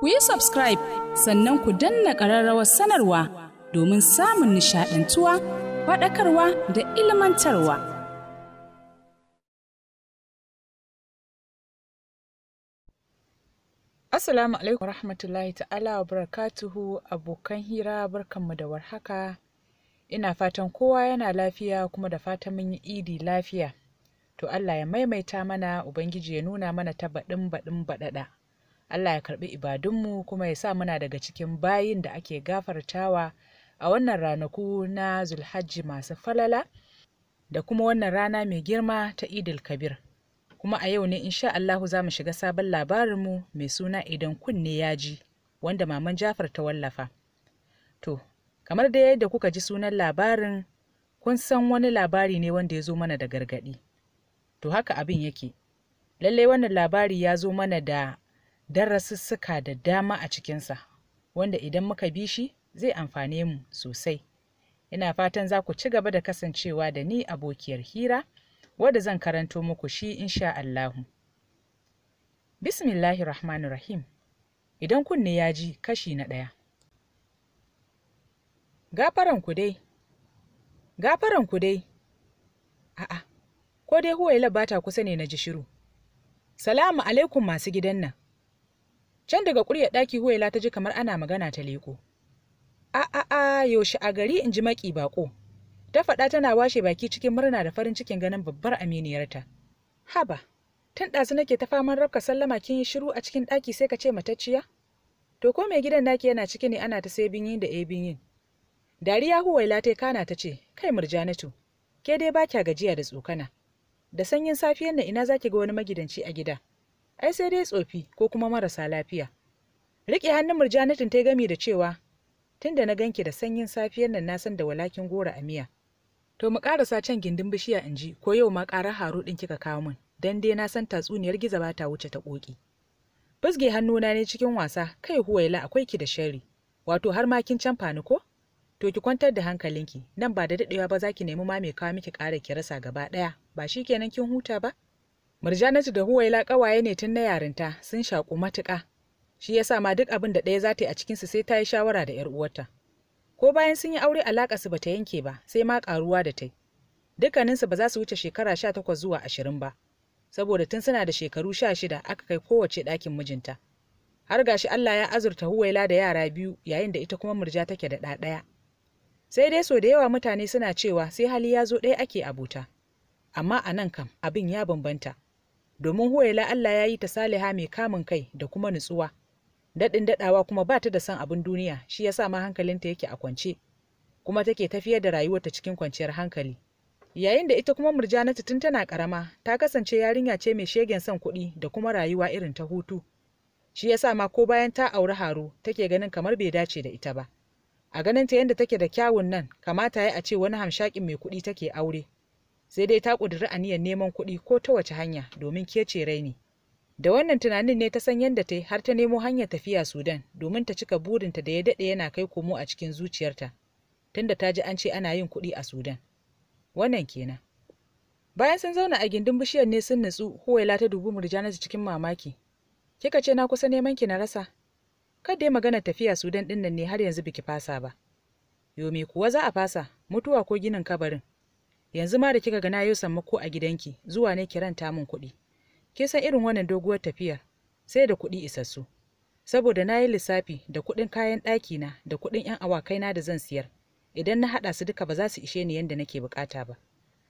ku yi subscribe sannan ku danna ƙararrawar sanarwa domin samun nishaɗantuwa faɗakarwa da ilmantarwa. Assalamu alaikum rahmatullahi ta'ala wa barakatuhu abokan hira barkanmu da warhaka ina fatan kowa yana lafiya kuma da fatan mun yi idi lafiya to Allah ya maimaita mana Ubangiji ya nuna mana ta baɗin baɗin baɗaɗa. Allah ya karbi ibadunmu kuma ya sa muna daga cikin bayin da ake gafartawa a wannan ranaku na Zulhajji masu falala da kuma wannan rana mai girma ta Idil Kabir. Kuma a yau ne insha Allahu za mu shiga sabon labarinmu mai suna idan kunne ya ji wanda maman Jafar ta wallafa. To, kamar da yadda kuka ji sunan labarin kun san wani labari ne wanda ya zo mana da gargaɗi. To haka abin yake. Lallai wannan labari ya zo mana da darasussuka da dama a cikinsa wanda idan muka bi shi zai amfane mu sosai ina fatan za ku ci gaba da kasancewa da ni abokiyar hira wadda zan karanto muku shi insha Allahu bismillahi rahim idan kunne ya ji kashi na ɗaya gafaranku dai gafaranku dai a'a ko dai huwaila ba ta kusa ne na ji shiru salamu alaikum masu gidan nan can daga kurya ɗaki huwaila ta ji kamar ana magana ta leko a a a yaushe a gari in ji maki bako ta faɗa tana washe baki cikin murna da farin cikin ganin babbar aminiyarta haba tun ɗazu nake ta faman rabka sallama kin yi shiru a cikin ɗaki sai ka ce matacciya to ko mai gidan naki yana ciki ne ana ta sai binyin da eh binyin dariya huwaila ta kana ta ce kai murjanatu ke dai ba kya gajiya da tsokana da sanyin safiyan na ina zaki ga wani magidanci a gida ai sai dai tsofi ko kuma marasa lafiya riƙe hannun murjanatin ta gami da cewa tun da na ganki da sanyin safiyar nan na san da walakin gora a miya to mu ƙarasa can gindin bishiya in ji ko yau ma ƙara haro ɗin kika kawo min dan dai na san tatsuniyar giza ba ta wuce ta ƙoƙi Basge hannuna ne cikin wasa kai huwaila akwai ki da shari wato har ma kin canfa ni ko to ki kwantar da hankalinki nan ba da daɗewa ba za ki nemi ma mai kawo miki ƙara ki rasa gaba ɗaya ba shi kenan kin huta ba Murjanatu da Huwaila ƙawaye ne tun na yarinta sun shaƙu matuƙa. Shi yasa ma duk abin da ɗaya za ta yi a cikinsu sai ta yi shawara da 'yar uwarta. Ko bayan sun yi aure alaƙa su bata yanke ba, sai ma ƙaruwa da ta yi. Dukkaninsu ba za su wuce shekara sha takwas zuwa ashirin ba, saboda tun suna da shekaru sha shida aka kai kowace ɗakin mijinta. Har gashi Allah ya azurta Huwaila da yara biyu yayin da ita kuma murja take da ɗa ɗaya. Sai dai so da yawa mutane suna cewa sai hali ya zo ɗaya ake abota. Amma a nan kam abin ya bambanta. domin huwaila Allah ya yi ta saliha mai kamun kai da kuma nutsuwa daɗin daɗawa kuma ba ta da son abin duniya shi ya sa ma hankalinta yake a kwance kuma take tafiyar da rayuwarta cikin kwanciyar hankali yayin da ita kuma murjanatu tun tana karama ta kasance yarinya ce mai shegen son kuɗi da kuma rayuwa irin ta hutu shi ya sa ma ko bayan ta auri haro take ganin kamar bai dace da ita ba a ganin ta yadda take da kyawun nan kamata ya a ce wani hamshakin mai kuɗi take aure sai dai ta ƙudiri aniyar neman kuɗi ko ta wace hanya domin kece raini da wannan tunanin ne ta san yadda ta yi har ta nemo hanyar tafiya sudan domin ta cika burinta da ya daɗe yana kai komo a cikin zuciyarta tunda ta ji an ce ana yin kuɗi a sudan wannan kenan bayan sun zauna a gindin bishiyar ne sun nutsu huwaila ta dubi murjanatu cikin mamaki kika ce na kusa neman ki na rasa kada ya magana tafiya sudan ɗinnan ne har yanzu biki fasa ba yomi kuwa za a fasa mutuwa ko ginin kabarin yanzu ma da kika ga na yi sammako a gidanki zuwa ne ki ranta min kuɗi ke san irin wannan doguwar tafiyar sai da kuɗi isassu saboda na yi lissafi da kuɗin kayan ɗaki na da kuɗin 'yan awakai na da zan siyar idan na haɗa su duka ba za su ishe ni yadda nake buƙata ba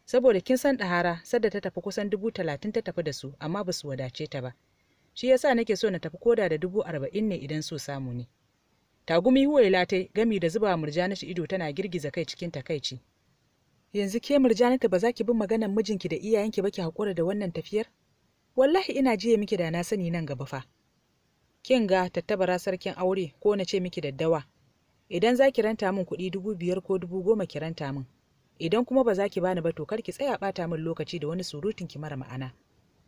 saboda kin san ɗahara sadda ta tafi kusan dubu talatin ta tafi da su amma ba su wadace ta ba shi yasa nake so na tafi koda da dubu arba'in ne idan so samu ne tagumi Huwai latai, gami da zuba na shi ido tana girgiza kai cikin takaici yanzu ke murjanata ba za ki bi maganar mijinki da iyayenki ba ki haƙura da wannan tafiyar wallahi ina jiye miki da na sani nan gaba fa kin ga tattabara sarkin aure ko na ce miki daddawa idan za ki ranta min kuɗi dubu biyar ko dubu goma ki ranta min idan kuma ba za ki bani ba to kar ki tsaya ɓata min lokaci da wani surutun ki mara ma'ana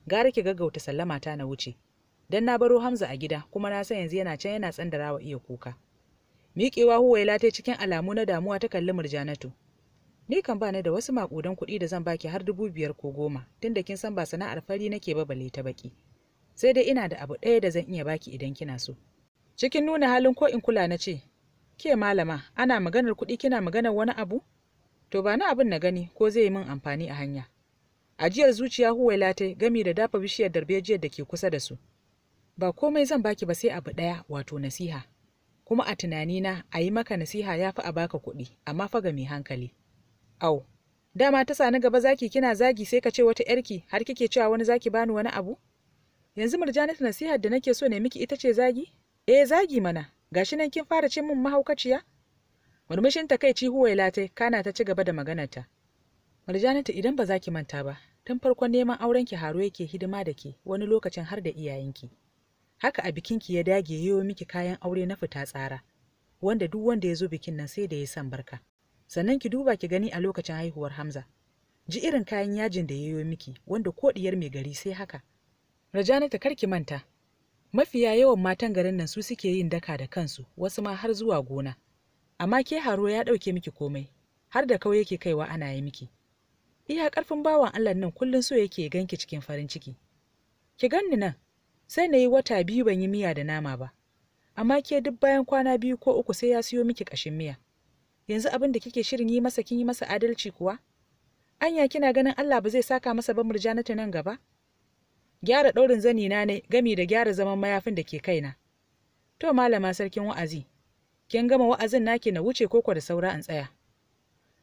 gara ki gaggauta sallama ta na wuce dan na baro Hamza a gida kuma na san yanzu yana can yana tsandarawa iya kuka miƙewa huwaila ta cikin alamu na damuwa ta kalli murjanatu ni kan bani da wasu makudan kuɗi da zan baki har dubu biyar ko goma tunda kin san ba sana'ar fari nake ba balle ta baki sai dai ina da abu ɗaya da zan iya baki idan kina so cikin nuna halin ko in kula na ce ke malama ana maganar kuɗi kina maganar wani abu to ba na abin na gani ko zai yi min amfani a hanya ajiyar zuciya Huwai latai gami da dafa bishiyar darbejiyar da ke kusa da su ba komai zan baki ba sai abu ɗaya wato nasiha kuma a tunanina a yi maka nasiha ya fi a baka kuɗi amma fa ga mai hankali Au, dama ta sani gaba zaki kina zagi sai ka ce wata yarki har kike cewa wani zaki bani wani abu? Yanzu Murjanat nasihar da nake so ne miki ita ce zagi? Eh zagi mana, gashi nan kin fara ce min mahaukaciya? Murmushin ta kai huwai latai kana ta ci gaba da maganarta. Murjanatu idan ba za ki manta ba, tun farkon neman auren ki haro yake hidima da ke wani lokacin har da iyayenki. Haka a bikinki ya dage yayo miki kayan aure na fita tsara, wanda duk wanda ya zo bikin nan sai da ya san barka. sannan ki duba ki gani a lokacin haihuwar Hamza ji irin kayan yajin da ya yayo miki wanda ko ɗiyar mai gari sai haka Rajanata kar ki manta mafiya yawan matan garin nan su suke yin daka da kansu wasu ma har zuwa gona amma ke haro ya ɗauke miki komai har da kawai yake kaiwa ana yi miki iya ƙarfin bawan Allah nan kullum so yake ganki cikin farin ciki ki ganni nan sai na yi wata biyu ban yi miya da nama ba amma ke duk bayan kwana biyu ko uku sai ya siyo miki ƙashin miya yanzu abin da kike shirin yi masa kin yi masa adalci kuwa anya kina ganin Allah ba zai saka masa ba murjanata nan gaba gyara daurin zani na ne gami da gyara zaman mayafin da ke kaina to malama sarkin wa'azi kin gama wa'azin naki na wuce koko da saura an tsaya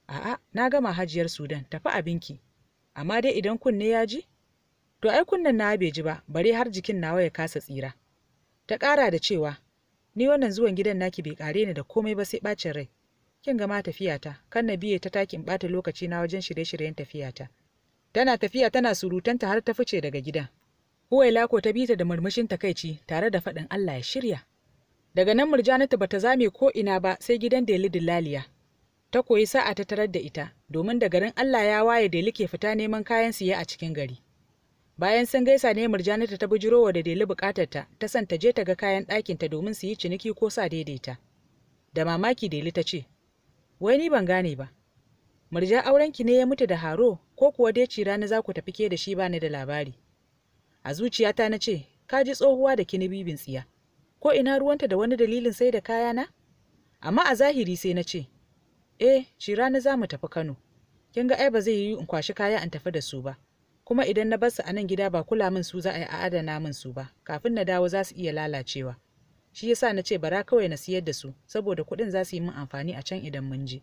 a'a na gama hajiyar Sudan tafi abinki amma dai idan kunne ya ji to ai kunnen na bai ji ba bare har jikin nawa ya kasa tsira ta ƙara da cewa ni wannan zuwan gidan naki bai kare ni da komai ba sai ɓacin rai kin gama tafiyata kan na biye ta takin bata lokaci na wajen shirye-shiryen tafiyata tana tafiya tana surutanta har ta fice daga gida huwai ko ta bita da murmushin takaici tare da faɗin Allah ya shirya daga nan murjanatu bata zame ko ina ba sai gidan Deli Dillaliya ta koyi sa'a ta tarar da ita domin da garin Allah ya waye Deli ke fita neman kayan siya a cikin gari bayan sun gaisa ne murjanatu ta bujirowa da Deli bukatarta ta san ta je ta ga kayan ɗakinta domin su yi ciniki ko sa daidaita da mamaki Deli ta ce wai ni ban gane ba murja aurenki ne ya mutu da haro ko kuwa dai ci rana za ku tafi ke da shi ba ni da labari a zuciyata na ce ka ji tsohuwa da kini bibin tsiya ko ina ruwanta da wani dalilin sai da kaya na amma a zahiri sai na ce eh ci rana za mu tafi kano kin ga ai ba zai yi in kwashi kaya in tafi da su ba kuma idan na bar su a nan gida ba kula min su za a yi a adana min su ba kafin na dawo za su iya lalacewa shi yasa na ce bara kawai na siyar da su saboda kuɗin za su yi min amfani a can idan mun je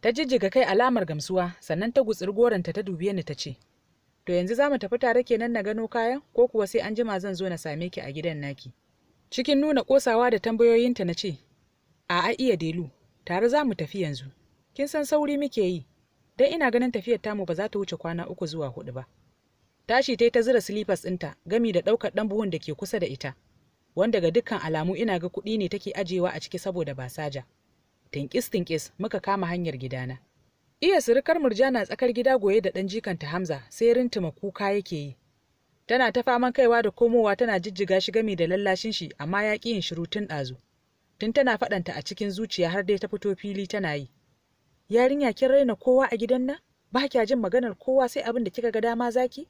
ta jijjiga kai alamar gamsuwa sannan ta gutsir goranta ta dubi ni ta ce to yanzu za mu tafi tare kenan na gano kayan ko kuwa sai an jima zan zo na same ki a gidan naki cikin nuna kosawa da tambayoyinta na ce a'a iya delu tare za mu tafi yanzu kin san sauri muke yi dan ina ganin tafiyar mu, ba za ta wuce kwana uku zuwa hudu ba tashi ta yi ta zira silifas ɗinta gami da ɗaukar ɗan buhun da ke kusa da ita wanda ga dukkan alamu ina ga kuɗi ne take ajewa a ciki saboda basaja. Tinkis tinkis muka kama hanyar gidana. Iya sirikar murjana tsakar gida goye da ɗan jikanta Hamza sai rintuma kuka yake yi. Tana ta faman kaiwa da komowa tana jijjiga shi gami da lallashin shi amma ya ƙi yin shiru tun ɗazu. Tun tana faɗanta a cikin zuciya har dai ta fito fili tana yi. Yarinya kin raina kowa a gidan nan? Ba kya jin maganar kowa sai abin da kika ga dama zaki?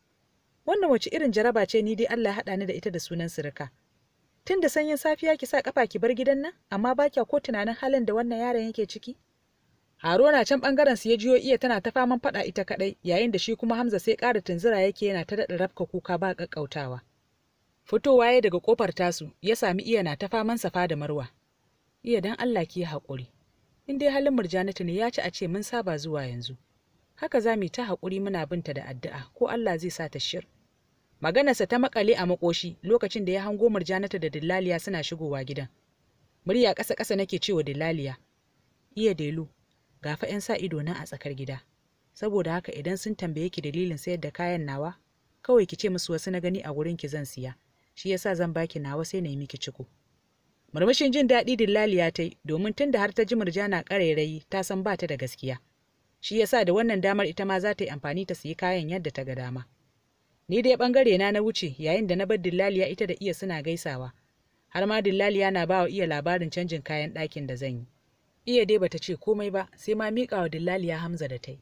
Wannan wace irin jaraba ce ni dai Allah ya haɗa ni da ita da sunan surukar. tun da sanyin safiya ki sa kafa ki bar gidan nan amma ba kya ko tunanin halin da wannan yaron yake ciki haruna can bangaren su ya jiyo iya tana ta faman fada ita kadai yayin da shi kuma hamza sai ƙara tunzura yake yana ta daɗa rafka kuka ba ƙaƙƙautawa fitowa ya daga kofar tasu ya sami iya na ta faman safa da marwa iya dan allah ki haƙuri in dai halin murjanatu ne ya ci a ce mun saba zuwa yanzu haka za mu ta haƙuri muna binta da addu'a ko allah zai sa ta shir maganarsa ta makale a makoshi lokacin da ya hango murjanata da dillaliya suna shigowa gidan murya ƙasa ƙasa nake cewa dillaliya iya delu gafa 'yan sa ido nan a tsakar gida saboda haka idan sun tambaye ki dalilin sayar da kayan nawa kawai ki ce musu wasu na gani a wurin ki zan siya shi yasa zan baki nawa sai na yi miki ciko murmushin jin daɗi dillaliya ta yi domin tunda har ta ji murjana ƙarairayi ta san ba ta da gaskiya shi yasa da wannan damar ita ma za ta yi amfani ta siyi kayan yadda ta ga dama ni dai bangare na na wuce yayin da na bar dillaliya ita da iya suna gaisawa har ma dillaliya na bawa iya labarin canjin kayan ɗakin da zan yi iya dai bata ce komai ba sai ma miƙa wa dillaliya hamza da tai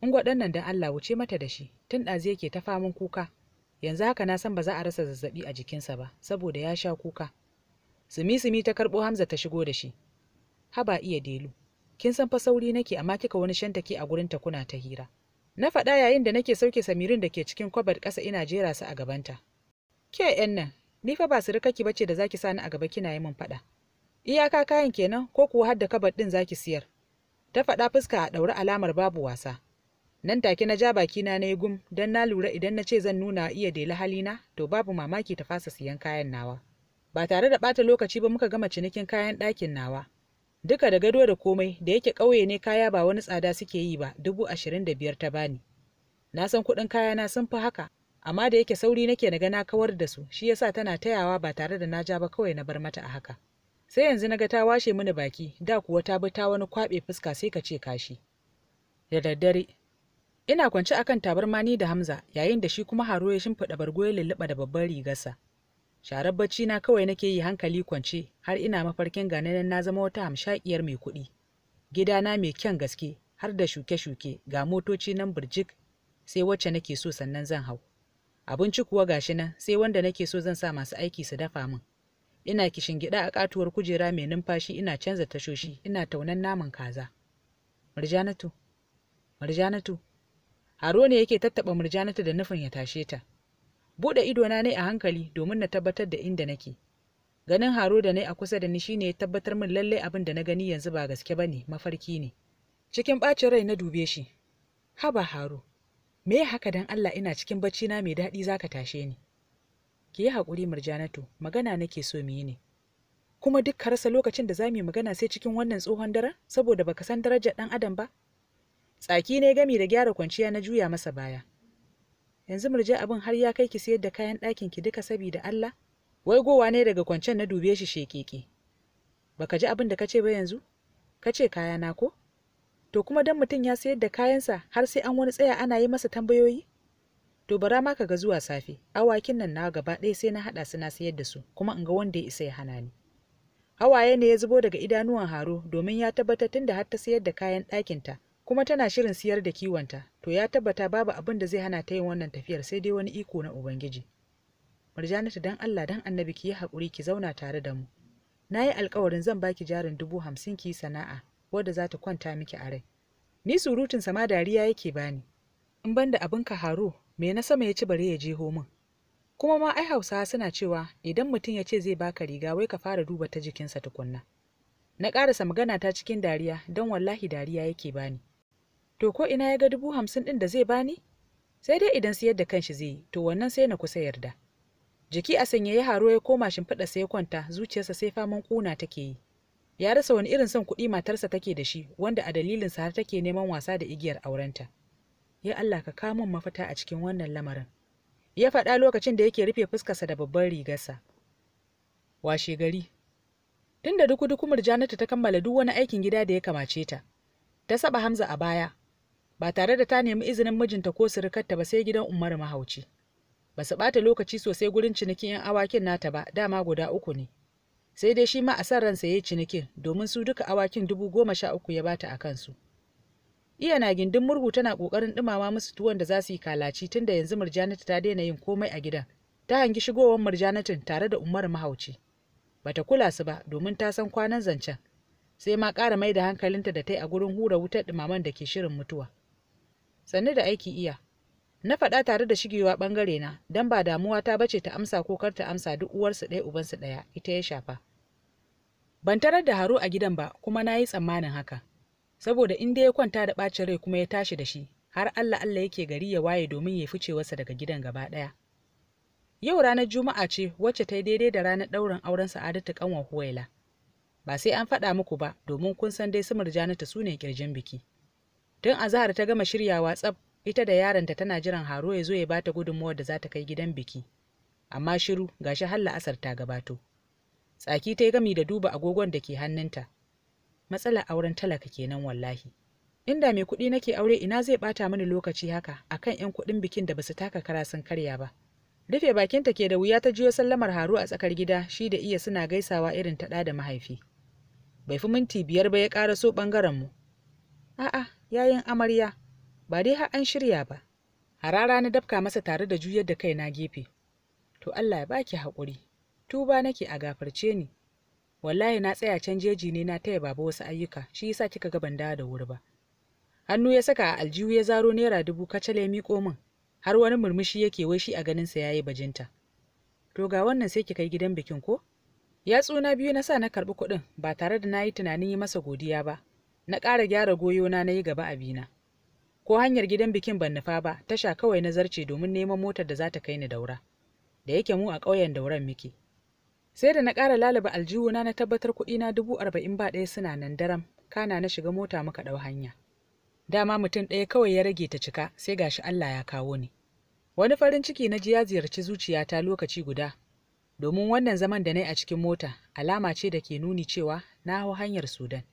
in gwaɗan nan don allah wuce mata da shi tun ɗazu yake ta faman kuka yanzu haka na san ba za a rasa zazzaɓi a jikinsa ba saboda ya sha kuka sumi sumi ta karɓo hamza ta shigo da shi haba iya delu kin san fa sauri nake amma kika wani shantake a gurin ta kuna ta hira na faɗa yayin da nake sauke samirin da ke cikin kwabar ƙasa ina jera su a gabanta ke yan nan ni fa ba ba ce da zaki sani a gaba kina yi min faɗa iyaka kayan kenan ko kuwa har da kabar ɗin zaki siyar ta faɗa fuska a ɗauri alamar babu wasa nan take na ja bakina na yi gum don na lura idan na ce zan nuna iya dela halina to babu mamaki ta fasa siyan kayan nawa ba tare da ɓata lokaci ba muka gama cinikin kayan ɗakin nawa duka da gado da komai da yake ƙauye ne kaya ba wani tsada suke yi ba dubu ashirin da biyar ta bani na san kuɗin kayana sun fi haka amma da yake sauri nake na ga kawar da su shi yasa tana tayawa ba tare da na ja ba kawai na bar mata a haka sai yanzu na ga ta washe mini baki da kuwa ta bi ta wani kwaɓe fuska sai ka ce kashi da daddare ina kwance akan tabarma ni da hamza yayin da shi kuma haro ya shimfiɗa bargo ya lulluɓa da babban rigarsa sharar bacci na kawai nake yi hankali kwance har ina mafarkin gananan na zama wata hamshakiyar mai kuɗi gidana mai kyan gaske har da shuke-shuke ga motoci nan birjik sai wacce nake so sannan zan hau abinci kuwa gashi nan sai wanda nake so zan sa masu aiki su dafa min ina kishin gida a katuwar kujera mai numfashi ina canza tashoshi ina taunan naman kaza murjanatu murjanatu haro ne yake tattaba murjanatu da nufin ya tashe ta buɗe idona ne a hankali domin na tabbatar da inda nake ganin haro da ne a kusa da ni shine ya tabbatar min lallai abin da na gani yanzu ba gaske bane mafarki ne cikin ɓacin rai na dube shi haba haro me ya haka dan Allah ina cikin bacci na mai daɗi zaka tashe ni ki yi hakuri, murjanatu magana nake so mu yi ne kuma duk ka rasa lokacin da za mu yi magana sai cikin wannan tsohon dare saboda baka san darajar dan adam ba tsaki ne gami da gyara kwanciya na juya masa baya yanzu murje abin har ya kai ki sayar da kayan ɗakin ki duka saboda Allah wai gowa ne daga kwancen na dube shi shekeke baka ji abin da kace ba yanzu kace kaya na ko to kuma dan mutum ya sayar da kayansa har sai an wani tsaya ana yi masa tambayoyi to bara ma ka ga zuwa safe awakin nan na gaba ɗaya sai na haɗa su na sayar da su kuma in ga wanda ya isa ya hana ni hawaye ne ya zubo daga idanuwan haro domin ya tabbatar tunda har ta sayar da kayan ɗakinta kuma tana shirin siyar da kiwonta to ya tabbata babu abin da zai hana ta yin wannan tafiyar sai dai wani iko na ubangiji murjanatu dan allah dan annabi ki yi haƙuri ki zauna tare da mu na yi alkawarin zan baki jarin dubu hamsin ki sana'a wadda za ta kwanta miki a rai ni surutun sama dariya yake bani in ban da abin ka haro me na sama ya ci bare ya jeho min kuma ma ai hausa suna cewa idan mutum ya ce zai baka riga wai ka fara duba ta jikinsa tukunna na ƙarasa magana ta cikin dariya don wallahi dariya yake bani to ko ina ya ga dubu hamsin ɗin da zai bani sai dai idan siyar da kanshi zai yi to wannan sai na kusa yarda jiki a sanya ya haro ya koma shimfiɗa sai ya kwanta zuciyarsa sai faman ƙuna take yi ya rasa wani irin son kuɗi matarsa take da shi wanda a dalilinsa har take neman wasa da igiyar aurenta ya Allah ka min mafita a cikin wannan lamarin ya faɗa lokacin da yake rufe fuskarsa da babban rigarsa washe gari Tunda da duku duku ta kammala duk wani aikin gida da ya kamace ta ta saba hamza a baya ba tare da ta nemi izinin mijinta ko surukarta ba sai gidan Umaru Mahauci. Ba su ɓata lokaci sosai gurin cinikin 'yan awakin nata ba, dama guda uku ne. Sai dai shi ma a san ransa ya yi cinikin domin su duka awakin dubu goma sha uku ya bata a kansu. Iya na gindin murhu tana ƙoƙarin ɗumama musu tuwon da za su yi kalaci tun da yanzu Murjanatu ta daina yin komai a gidan. Ta hangi shigowar murjanatun tare da Umaru Mahauci. Bata kula su ba domin ta san kwanan zancen. Sai ma ƙara mai da hankalinta da ta yi a gurin hura wutar ɗumaman da ke shirin mutuwa. sannu da aiki iya na faɗa tare da shigewa ɓangare na don ba damuwa ta bace ta amsa ko kar ta amsa duk uwarsu ɗaya ubansu ɗaya ita ya shafa ban tarar da haru a gidan ba kuma na yi tsammanin haka saboda in dai ya kwanta da ɓacin rai kuma ya tashi da shi har allah allah yake gari ya waye domin ya fice wasa daga gidan gaba ɗaya yau ranar juma'a ce wacce ta yi daidai da ranar ɗaurin auren sa'adatu ƙanwar huwaila ba sai an faɗa muku ba domin kun san dai su murjanatu su ne ƙirjin biki tun azahar ta gama shiryawa tsab, ita da yaranta tana jiran haro ya zo ya bata gudunmuwar da za ta kai gidan biki amma shiru ga shi har la'asar ta gabato tsaki ta yi gami da duba agogon da ke hannunta matsala auren talaka kenan wallahi inda mai kuɗi nake aure ina zai ɓata mani lokaci haka akan 'yan kuɗin bikin da basu taka kara sun karya ba rufe bakinta ke da wuya ta jiyo sallamar haro a tsakar gida shi da iya suna gaisawa irin ta da mahaifi bai fi minti biyar ba ya ƙara so ɓangaren mu A'a, yayin amarya, ba dai har an shirya ba. Harara na dafka masa tare da juyar da kaina gefe. To Allah ya baki haƙuri, tuba nake a gafarce ni. Wallahi na tsaya can jeji ne na taya baba wasu ayyuka, shi yasa kika ga ban da wuri ba. Hannu ya saka a aljihu ya zaro naira dubu kacal ya miƙo min, har wani murmushi yake wai shi a ganinsa ya yi bajinta. To ga wannan sai kika yi gidan bikin ko? tsuna biyu na sa na karɓi kuɗin ba tare da na yi tunanin yi masa godiya ba, na ƙara gyara goyona na yi gaba a bina. ko hanyar gidan bikin ban nufa ba tasha kawai na zarce domin neman motar da za ta kai ni daura da yake mu a ƙauyen dauran muke sai da na ƙara lalaba aljihuna na tabbatar kuɗina dubu arba'in ba ɗaya suna nan daram kana na shiga mota muka ɗau hanya dama mutum ɗaya kawai ya rage ta cika sai gashi Allah ya kawo ni wani farin ciki na ji ya ziyarci zuciyata lokaci guda domin wannan zaman da na yi a cikin mota alama ce da ke nuni cewa na hau hanyar sudan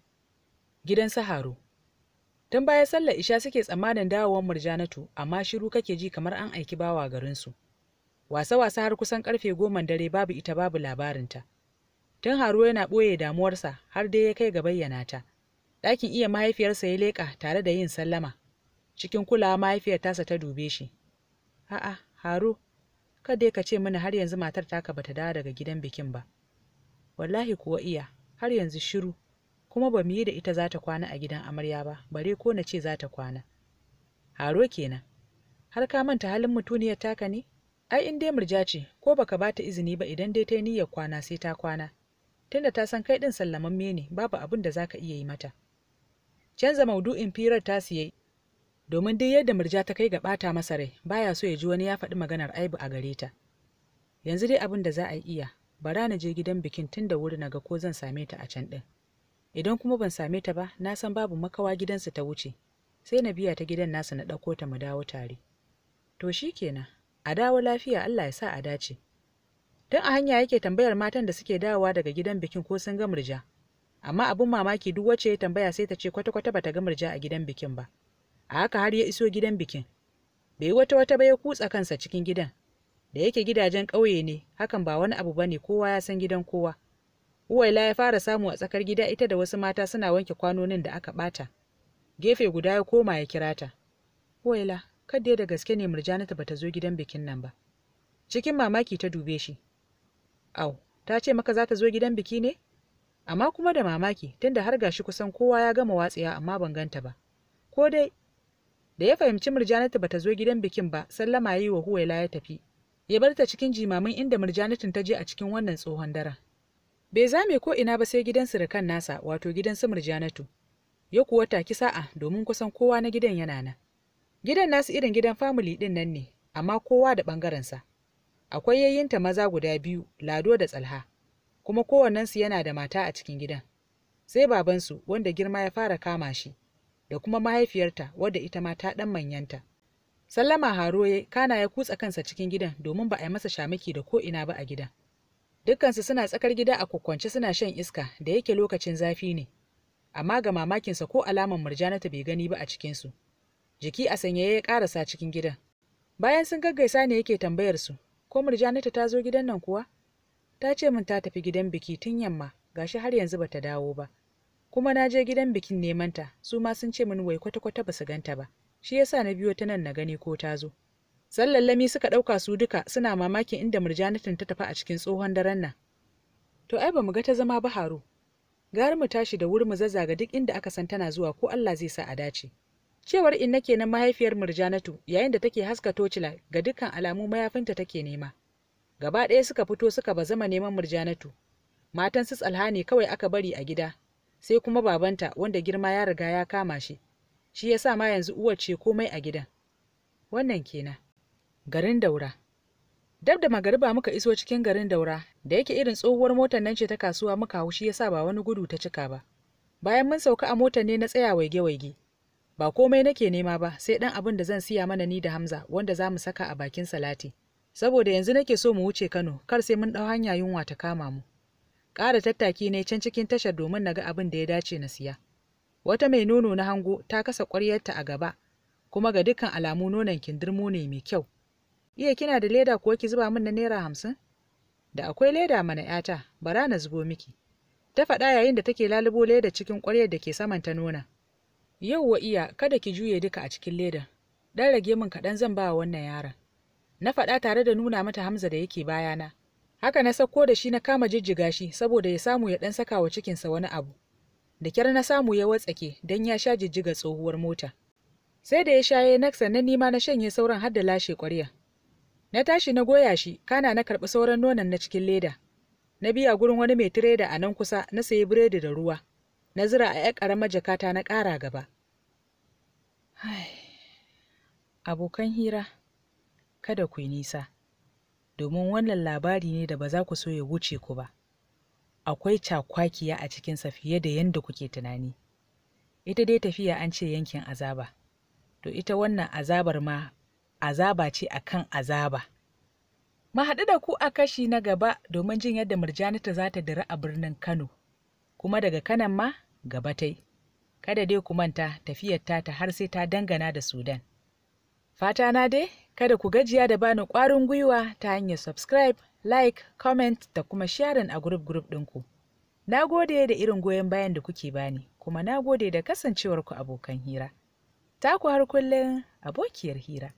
gidan su haro tun bayan sallar isha suke tsammanin dawowar murjanatu amma shiru kake ji kamar an aiki bawa garin su wasa-wasa har kusan karfe goman dare babu ita babu labarinta tun haro yana ɓoye damuwarsa har dai ya kai ga bayyana ta ɗakin iya mahaifiyarsa ya leƙa tare da yin sallama cikin kulawa mahaifiyar tasa ta dube shi a'a haro kada ka ce mana har yanzu matar taka bata dawo daga gidan bikin ba wallahi kuwa iya har yanzu shiru kuma ba mu yi da ita za ta kwana a gidan amarya ba bare ko na ce za ta kwana haro kenan har ka manta halin mutuniyar taka ne ai in dai murja ce ko baka ba ta izini ba idan dai ta yi niyyar kwana sai ta kwana tunda ta san kai ɗin sallamamme ne babu abin da za ka iya yi mata canza maudu'in firar ta siye domin duk yadda murja ta kai ga bata masa rai baya so ya ji wani ya faɗi maganar aibu a gare ta yanzu dai abin da za a iya bara na je gidan bikin tun da wuri na ga ko zan same ta a can ɗin idan kuma ban same ta ba na san babu makawa gidansa ta wuce sai na biya ta gidan nasu na ɗauko ta mu dawo tare to shi kenan a dawo lafiya allah ya sa a dace tun a hanya yake tambayar matan da suke dawowa daga gidan bikin ko sun ga murja amma abin mamaki duk wacce ya tambaya sai ta ce kwata-kwata bata ga murja a gidan bikin ba a haka har ya iso gidan bikin bai wata wata ba ya kutsa kansa cikin gidan da yake gidajen ƙauye ne hakan ba wani abu bane kowa ya san gidan kowa Uwaila ya fara samu a tsakar gida ita da wasu mata suna wanke kwanonin da aka bata. Gefe guda ya koma ya kira ta. Uwaila, kadda da gaske ne Murjanatu bata zo gidan bikin nan ba. Cikin mamaki ta dube shi. Au, ta ce maka za ta zo gidan biki ne? Amma kuma da mamaki tunda har gashi kusan kowa ya gama watsiya amma ban ganta ba. Ko dai da ya fahimci Murjanatu bata zo gidan bikin ba, sallama yi wa uwaila ya tafi. Ya bar ta cikin jimamin inda Murjanatun ta je a cikin wannan tsohon daren. bai zame ko ina ba sai gidan kan nasa wato gidan su murjanatu ya kuwa taki sa'a domin kusan kowa na gidan yana nan gidan nasu irin gidan famili ɗin nan ne amma kowa da ɓangarensa. akwai yayyinta maza guda biyu lado da tsalha kuma kowannensu yana da mata a cikin gidan sai babansu wanda girma ya fara kama shi da kuma mahaifiyarta wadda ita ma ta ɗan manyanta sallama haro haroye kana ya kutsa kansa cikin gidan domin ba a yi masa shamaki da ko ina ba a gidan dukkansu suna tsakar gida a kwakwance suna shan iska da yake lokacin zafi ne amma ga mamakinsa ko alaman murjanata bai gani ba a cikinsu jiki a sanyaye ya karasa cikin gidan bayan sun gaggaisa ne yake tambayar su ko murjanata ta zo gidan nan kuwa ta ce min ta tafi gidan biki tun yamma gashi har yanzu bata dawo ba kuma na je gidan bikin nemanta, ta su ma sun ce min wai kwata-kwata ba su ganta ba shi yasa na biyo ta nan na gani ko ta zo Sallallami suka ɗauka su duka suna mamakin inda murjanatin ta tafi a cikin tsohon daren nan. To ai ba mu ga ta zama ba haro. Gari mu tashi da wuri mu zazzaga duk inda aka san tana zuwa ko Allah zai sa a dace. Cewar inna kenan mahaifiyar murjanatu yayin da take haska tocila ga dukkan alamu mayafinta take nema. Gaba ɗaya suka fito suka ba zama neman murjanatu. Matan su ne kawai aka bari a gida sai kuma babanta wanda girma ya riga ya kama shi. Shi yasa ma yanzu uwar ce komai a gidan. Wannan kenan. garin daura dab da magariba muka iso cikin garin daura da yake irin tsohuwar motar nan ce ta kasuwa muka hau shi yasa ba wani gudu ta cika ba bayan mun sauka a motar ne na tsaya waige-waige ba komai nake nema ba sai dan abin da zan siya mana ni da hamza wanda za mu saka a bakin salati saboda yanzu nake so mu wuce kano kar sai mun ɗau hanya yunwa ta kama mu ƙara tattaki ne can cikin tashar domin na ga abin da ya dace na siya wata mai nono na hango ta kasa ƙwaryarta a gaba kuma ga dukkan alamu nonon kindirmo ne mai kyau iya kina da leda kuwa ki zuba min na naira hamsin da akwai leda mana yata bara na zubo miki ta faɗa yayin da take lalubo leda cikin ƙwaryar da ke saman ta nuna yauwa iya kada ki juye duka a cikin leda. dan rage min kaɗan zan ba wannan yaron na faɗa tare da nuna mata hamza da yake bayana haka na sauko da shi na kama jijjiga shi saboda ya samu ya ɗan saka wa cikinsa wani abu da kyar na samu ya watsake don ya sha jijjiga tsohuwar mota sai da ya sha ya nak sannan nima na shanye sauran har da lashe ƙwarya na tashi na goya shi kana na karɓi sauran nonon na cikin leda na biya gurin wani mai tireda a nan kusa na sayi biredi da ruwa na zira a 'yar ƙaramar jakata na ƙara gaba abokan hira kada ku yi nisa domin wannan labari ne da ba za ku so ya wuce ku ba akwai cakwakiya a cikinsa fiye da yadda kuke tunani ita dai tafiya an ce yankin azaba to ita wannan azabar ma azaba ce a kan azaba mu haɗu da ku a kashi na gaba domin jin yadda murjanita za ta dira a birnin kano kuma daga kanan ma gaba tai kada dai ku manta tafiyar ta har sai ta dangana da sudan fata na dai kada ku gajiya da bani ƙwarin gwiwa ta hanyar subscribe like comment da kuma sharing a grup grup ɗinku na gode da irin goyon bayan da kuke bani kuma na gode da kasancewarku abokan hira taku har kullum abokiyar hira